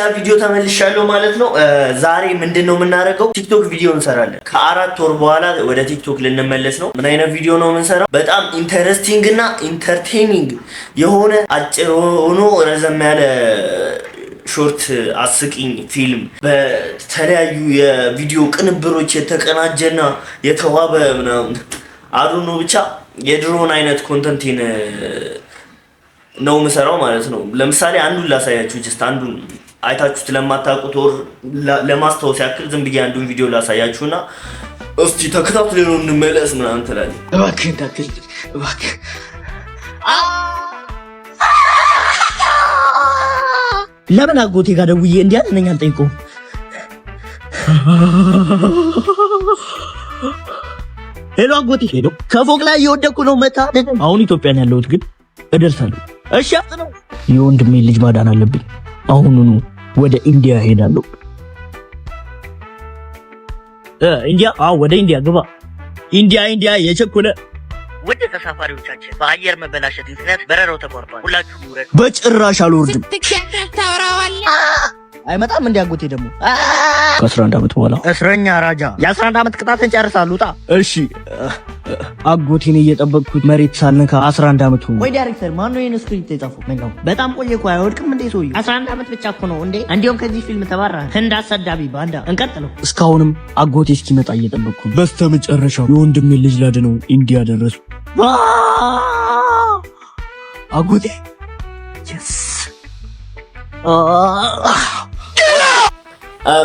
በሌላ ቪዲዮ ተመልሻለሁ ማለት ነው። ዛሬ ምንድን ነው የምናደርገው? ቲክቶክ ቪዲዮ እንሰራለን። ከአራት ወር በኋላ ወደ ቲክቶክ ልንመለስ ነው። ምን አይነት ቪዲዮ ነው የምንሰራው? በጣም ኢንተረስቲንግ እና ኢንተርቴኒንግ የሆነ አጭር ሆኖ ረዘም ያለ ሾርት አስቂኝ ፊልም በተለያዩ የቪዲዮ ቅንብሮች የተቀናጀና የተዋበ ምናምን ነው ብቻ የድሮን አይነት ኮንተንቴን ነው የምሰራው ማለት ነው። ለምሳሌ አንዱን ላሳያችሁ፣ ጀስት አንዱን አይታችሁት ለማታውቁት ወር ለማስታወስ ያክል ዝም ብዬ አንዱን ቪዲዮ ላሳያችሁና እስቲ ተከታትለን ነው እንመለስ ምናምን ትላለች። እባክህ እንዳትል እባክህ። ለምን አጎቴ ጋር ደውዬ እንዲህ አለነኝ አልጠይቀውም። ሄሎ አጎቴ፣ ሄሎ ከፎቅ ላይ እየወደኩ ነው። መታ። አሁን ኢትዮጵያን ያለሁት ግን እደርሳለሁ። እሺ ነው የወንድሜ ልጅ ማዳን አለብኝ። አሁኑኑ ወደ ኢንዲያ ሄዳለሁ። ኢንዲያ? አዎ ወደ ኢንዲያ ግባ። ኢንዲያ ኢንዲያ የቸኮለ ውድ ተሳፋሪዎቻችን በአየር መበላሸት ምክንያት በረራው ተቋርጧል። ሁላችሁ ውረዱ። በጭራሽ አልወርድም። አይመጣም። አጎቴ ደግሞ ከአስራ አንድ ዓመት በኋላ እስረኛ ራጃ፣ የአስራ አንድ ዓመት ቅጣት እንጨርሳሉ። ውጣ። እሺ አጎቴን እየጠበቅኩት መሬት ሳልነካ አስራ አንድ ዓመት ሆኖ። ወይ ዳይሬክተር ማን ነው ይህን ስክሪፕት የጻፈው? ነጋው በጣም ቆየ እኮ አይወድቅም እንዴ ሰውዬው? አስራ አንድ ዓመት ብቻ እኮ ነው እንዴ? እንዲሁም ከዚህ ፊልም ተባራ ህንድ አሰዳቢ ባንዳ። እንቀጥለው። እስካሁንም አጎቴ እስኪመጣ እየጠበቅኩ በስተ መጨረሻው የወንድሜ ልጅ ላድነው እንዲህ ያደረሱ አጎቴ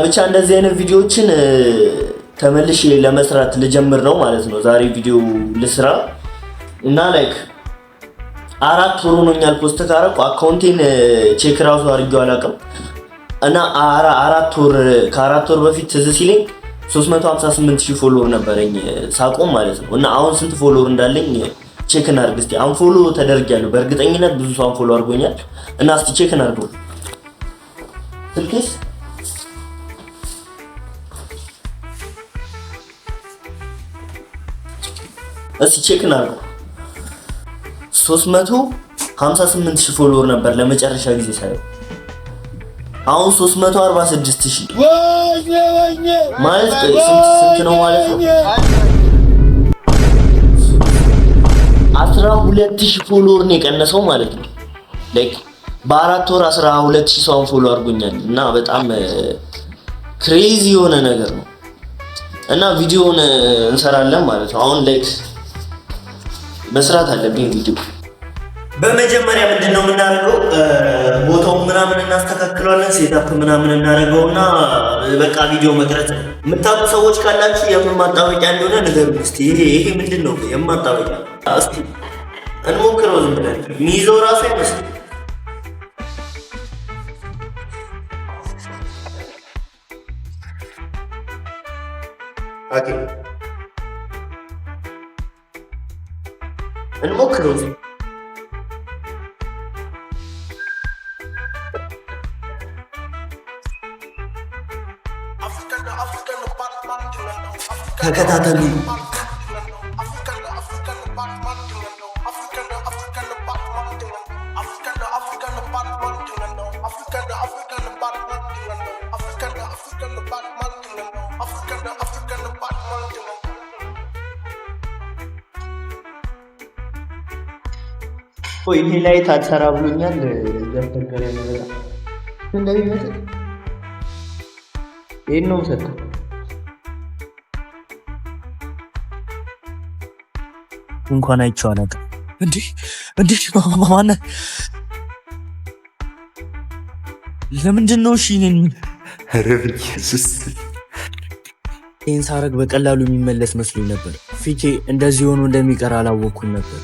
ብቻ እንደዚህ አይነት ቪዲዮዎችን ተመልሼ ለመስራት ልጀምር ነው ማለት ነው። ዛሬ ቪዲዮ ልስራ እና ላይክ አራት ወር ሆኖኛል ፖስት ካረኩ። አካውንቴን ቼክ ራሱ አድርጌው አላውቅም እና አራት ወር ከአራት ወር በፊት ትዝ ሲለኝ 358 ሺህ ፎሎወር ነበረኝ ሳቆም ማለት ነው። እና አሁን ስንት ፎሎወር እንዳለኝ ቼክ እናድርግ እስቲ። አንፎሎ ተደርጊያለሁ በእርግጠኝነት ብዙ ሰው አንፎሎ አድርጎኛል እና እስቲ ቼክ እናድርገው ስልኬስ እስቲ ቼክን አድርጉ። 358 ሺህ ፎሎወር ነበር ለመጨረሻ ጊዜ ሳይሆን አሁን 346 ሺህ ማለት ስንት ነው ማለት ነው? 12 ሺህ ፎሎወር ነው የቀነሰው ማለት ነው። ላይክ በአራት ወር 12 ሺህ ሰውን ፎሎ አድርጎኛል እና በጣም ክሬዚ uh, የሆነ ነገር ነው እና ቪዲዮውን uh, እንሰራለን ማለት ነው አሁን ላይክ መስራት አለብኝ ቪዲዮ። በመጀመሪያ ምንድን ነው የምናደርገው? ቦታው ምናምን እናስተካክለዋለን። ሴታፕ ምናምን እና በቃ ቪዲዮ መቅረጽ ነው። የምታውቁ ሰዎች ካላችሁ የምን ማጣበቂያ እንደሆነ ንገሩኝ እስኪ። ይሄ ይሄ ምንድን ነው የምን ማጣበቂያ እስኪ እንሞክረው። ዝም ብለን የሚይዘው ራሱ አይመስልም። ኦኬ المكرم هكذا تلي ቆይ ይሄ ላይ ታሰራ ብሎኛል። እያስቸገረ ነው እንደዚህ እንደሚመስል ይህን ነው ሰጠ እንኳን አይቼው አላውቅም። እንዲህ እንዲህ ማነ ለምንድን ነው እሺ እኔን ረብየሱስ ይህን ሳረግ በቀላሉ የሚመለስ መስሎኝ ነበር። ፊቴ እንደዚህ ሆኖ እንደሚቀር አላወቅኩም ነበር።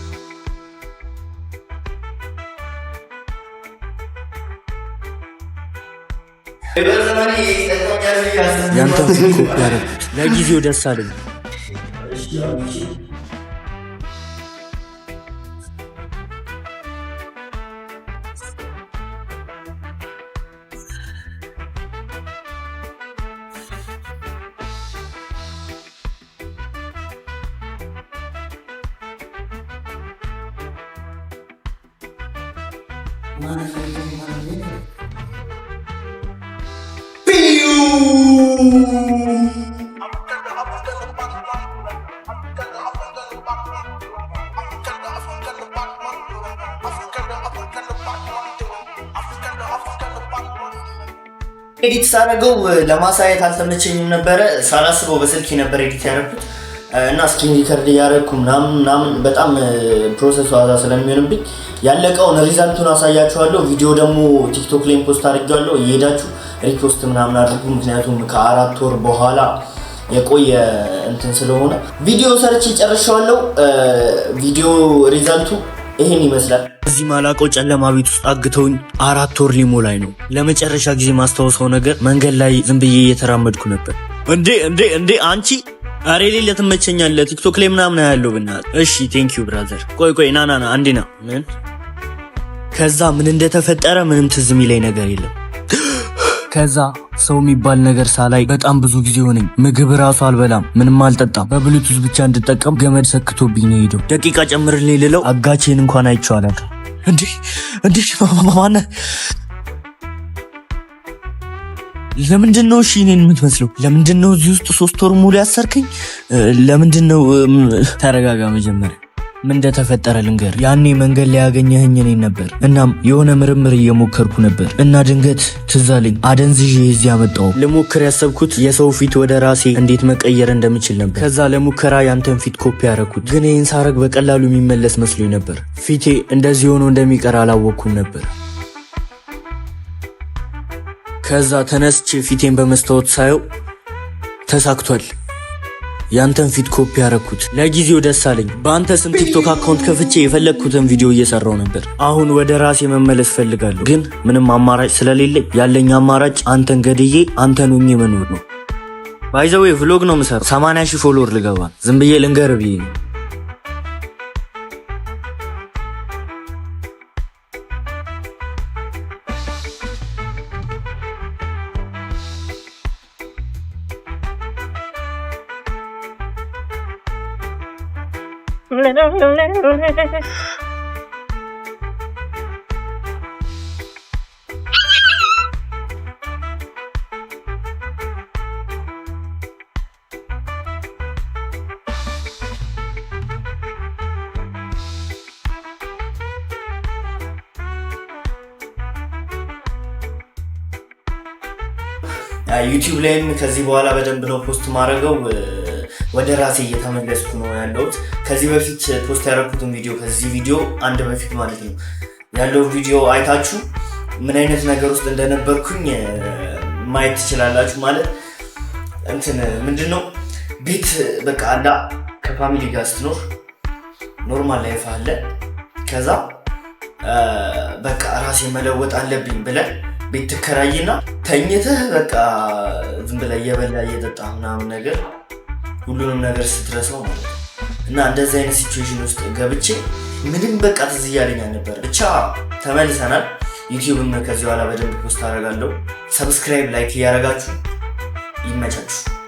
ያንተን ኮፒ ያደረግ ለጊዜው ደስ አለኝ። ኤዲት ሳደርገው ለማሳየት አልተመቸኝም ነበረ። ሳላስበው በስልክ የነበረ ኤዲት ያደረኩት እና ስክሪን ሪከርድ እያደረግኩ ምናምን ምናምን በጣም ፕሮሰሱ አዛ ስለሚሆንብኝ ያለቀውን ሪዛልቱን አሳያችኋለሁ። ቪዲዮ ደግሞ ቲክቶክ ላይ ፖስት አድርጌዋለሁ እየሄዳችሁ ሪፖስት ምናምን አድርጉ። ምክንያቱም ከአራት ወር በኋላ የቆየ እንትን ስለሆነ ቪዲዮ ሰርች ይጨርሻለሁ። ቪዲዮ ሪዛልቱ ይሄን ይመስላል። እዚህ ማላቆ ጨለማ ቤት ውስጥ አግተውኝ አራት ወር ሊሞላኝ ነው። ለመጨረሻ ጊዜ ማስታወሰው ነገር መንገድ ላይ ዝም ብዬ እየተራመድኩ ነበር። እንዴ እንዴ እንዴ አንቺ አሬ ሌለ ትመቸኛለህ። ቲክቶክ ላይ ምናምን ያለው ብና እሺ፣ ቴንክ ዩ ብራዘር። ቆይ ቆይ፣ ና ና ና፣ አንዴ ና። ምን ከዛ ምን እንደተፈጠረ ምንም ትዝ የሚለኝ ነገር የለም። ከዛ ሰው የሚባል ነገር ሳላይ በጣም ብዙ ጊዜ ሆነኝ። ምግብ ራሱ አልበላም፣ ምንም አልጠጣም። በብሉቱዝ ብቻ እንድጠቀም ገመድ ሰክቶብኝ ነው ሄደው ደቂቃ ጨምርልኝ ልለው አጋቼን እንኳን አይቼዋለሁ። እንዲህ እንዲህ ማነ ለምንድን ነው እሺ እኔን የምትመስለው? ለምንድን ነው እዚህ ውስጥ ሶስት ወር ሙሉ ያሰርከኝ? ለምንድን ነው? ተረጋጋ መጀመሪያ ምን እንደተፈጠረ ልንገር። ያኔ መንገድ ላይ ያገኘህኝ እኔን ነበር። እናም የሆነ ምርምር እየሞከርኩ ነበር እና ድንገት ትዝ አለኝ አደንዝዤ እዚህ ያመጣው። ልሞክር ያሰብኩት የሰው ፊት ወደ ራሴ እንዴት መቀየር እንደምችል ነበር። ከዛ ለሙከራ ያንተን ፊት ኮፒ ያረኩት፣ ግን ይህን ሳረግ በቀላሉ የሚመለስ መስሎኝ ነበር። ፊቴ እንደዚህ ሆኖ እንደሚቀር አላወቅኩም ነበር። ከዛ ተነስቼ ፊቴን በመስታወት ሳየው ተሳክቷል። ያንተን ፊት ኮፒ ያረኩት። ለጊዜው ደስ አለኝ። በአንተ ስም ቲክቶክ አካውንት ከፍቼ የፈለግኩትን ቪዲዮ እየሰራው ነበር። አሁን ወደ ራሴ መመለስ ፈልጋለሁ፣ ግን ምንም አማራጭ ስለሌለኝ ያለኝ አማራጭ አንተን ገድዬ አንተን ሆኜ መኖር ነው። ባይዘዌ ቭሎግ ነው ምሰራ 80 ሺህ ፎሎወር ልገባ ዝም ብዬ ልንገርብ ነው ዩቲዩብ ላይም ከዚህ በኋላ በደንብ ነው ፖስት ማድረገው። ወደ ራሴ እየተመለስኩ ነው ያለሁት። ከዚህ በፊት ፖስት ያደረኩትን ቪዲዮ ከዚህ ቪዲዮ አንድ በፊት ማለት ነው ያለው ቪዲዮ አይታችሁ ምን አይነት ነገር ውስጥ እንደነበርኩኝ ማየት ትችላላችሁ። ማለት እንትን ምንድን ነው ቤት በቃ አላ ከፋሚሊ ጋር ስትኖር ኖርማል ላይፍ አለ። ከዛ በቃ ራሴ መለወጥ አለብኝ ብለ ቤት ትከራይና ተኝተህ በቃ ዝም ብለህ እየበላ እየጠጣ ምናምን ነገር ሁሉንም ነገር ስትረሳው ማለት ነው። እና እንደዚህ አይነት ሲትዌሽን ውስጥ ገብቼ ምንም በቃ ትዝ እያለኝ አልነበረ። ብቻ ተመልሰናል። ዩቲዩብን ከዚህ በኋላ በደንብ ፖስት አደርጋለሁ። ሰብስክራይብ፣ ላይክ እያደረጋችሁ ይመቻችሁ።